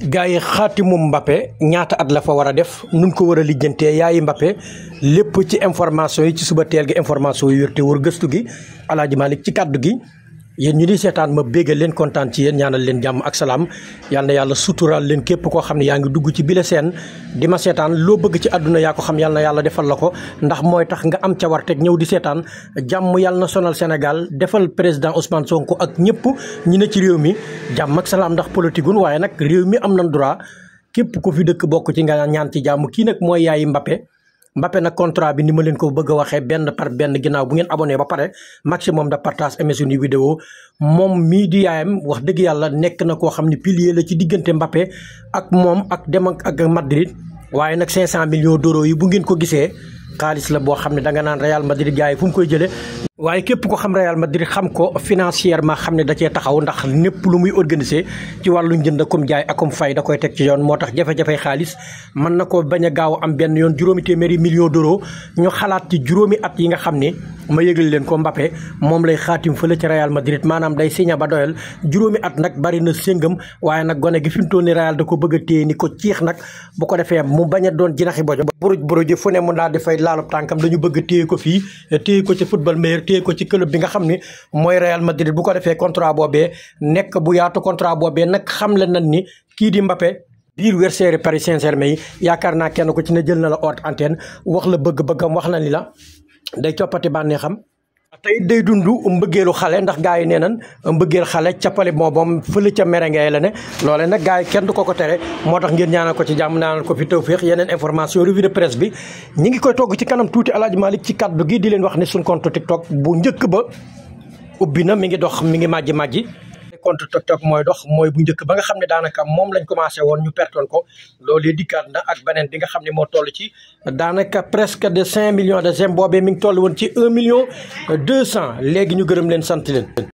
gars yi xaatimu Mbappé ñaata at la fa war a def nun ko war a lijjantee yaayi Mbappé lépp ci information yi ci suba teel gi information yi wér te wër gëstu gi Aladji Malick ci kàddu gi yéen ñu ni seetaan ma bégga leen kontaan ci yéen ñaanal leen jàmm ak salaam yal yàlla suturaal leen képp koo xam ne yaa ngi dugg ci bile seen di ma seetaan loo bëgg ci àdduna yaa ko xam yal na yàlla defal la ko ndax mooy tax nga am ca warteg ñëw di seetaan jàmm yàlla na sonal Sénégal defal président Ousmane Sonko ak ñëpp ñi ne ci réew mi jàmm ak salaam ndax politique waaye nag réew mi am na droit képp ku fi dëkk bokk ci nga ñaan ci jàmm kii nag mooy yaayi Mbappé Mbappé nag contrat bi ni ma leen ko bëgg a waxee benn par benn ginnaaw bu ngeen abonné ba pare maximum de partage aimé suñu moom mii di yaayam wax dëgg yàlla nekk na koo xam ne pilier la ci diggante Mbappé ak moom ak dem ak Madrid waaye nag 500 millions d'euros yi bu ngeen ko gisee. xaalis la boo xam ne danga naan Real Madrid gars yi fu mu koy jëlee. waaye képp ko xam Real Madrid xam ko financièrement xam ne da cee taxaw ndax népp lu muy organiser ci wàllu njënd koom jaay a akum fay da koy teg ci yoon moo tax jafe-jafe xaalis mën na ko bañ a gaaw am benn yoon juróomi téeméeri millions d'euros ñu xalaat ci juróomi at yi nga xam ne ma yëgal leen ko Mbappé moom lay xaatim fële ci Real Madrid maanaam day signé ba doyal juróomi at nag bari na séngam waaye nag gone gi fi mu toll ni Real da ko bëgg a téye ni ko ciix nag bu ko defee mu bañ a doon jinaxi bojo buruj buruj fu ne mu daal di fay laalub tànkam dañu bëgg a ko fii téye ko ci football meilleur téye ko ci club bi nga xam ne mooy Real Madrid bu ko defee contrat boobee nekk bu yaatu contrat boobee nag xam leen nañ ni kii di Mbappé biir werseeri Paris Saint-Germain yaakaar naa kenn ko ci ne jël na la haute antenne wax la bëgg-bëggam wax la ni la day coppati xam tey day dund mbëggeelu xale ndax gars yi nee nan mbëggeel xale cappali boobam fële ca merengey la ne loole nag gars yi kenn du ko ko tere moo tax ngeen ñaanal ko ci jàmm ñaanal ko fi tawféex yeneen information revue de presse bi ñi ngi koy togg ci kanam tuuti Aladji Malick ci kaddu gi di leen wax ne suñ compte TikTok bu njëkk ba ubbi na mi ngi dox mi ngi màjji màjji compte TikTok mooy dox mooy bu njëkk ba nga xam ne daanaka moom lañ commencé woon ñu pertoon ko loolee dikkaat na ak beneen bi nga xam ne moo toll ci daanaka presque de cinq millions de j'aime boobee mi ngi toll woon ci un million deux cent léegi ñu gërëm leen sant leen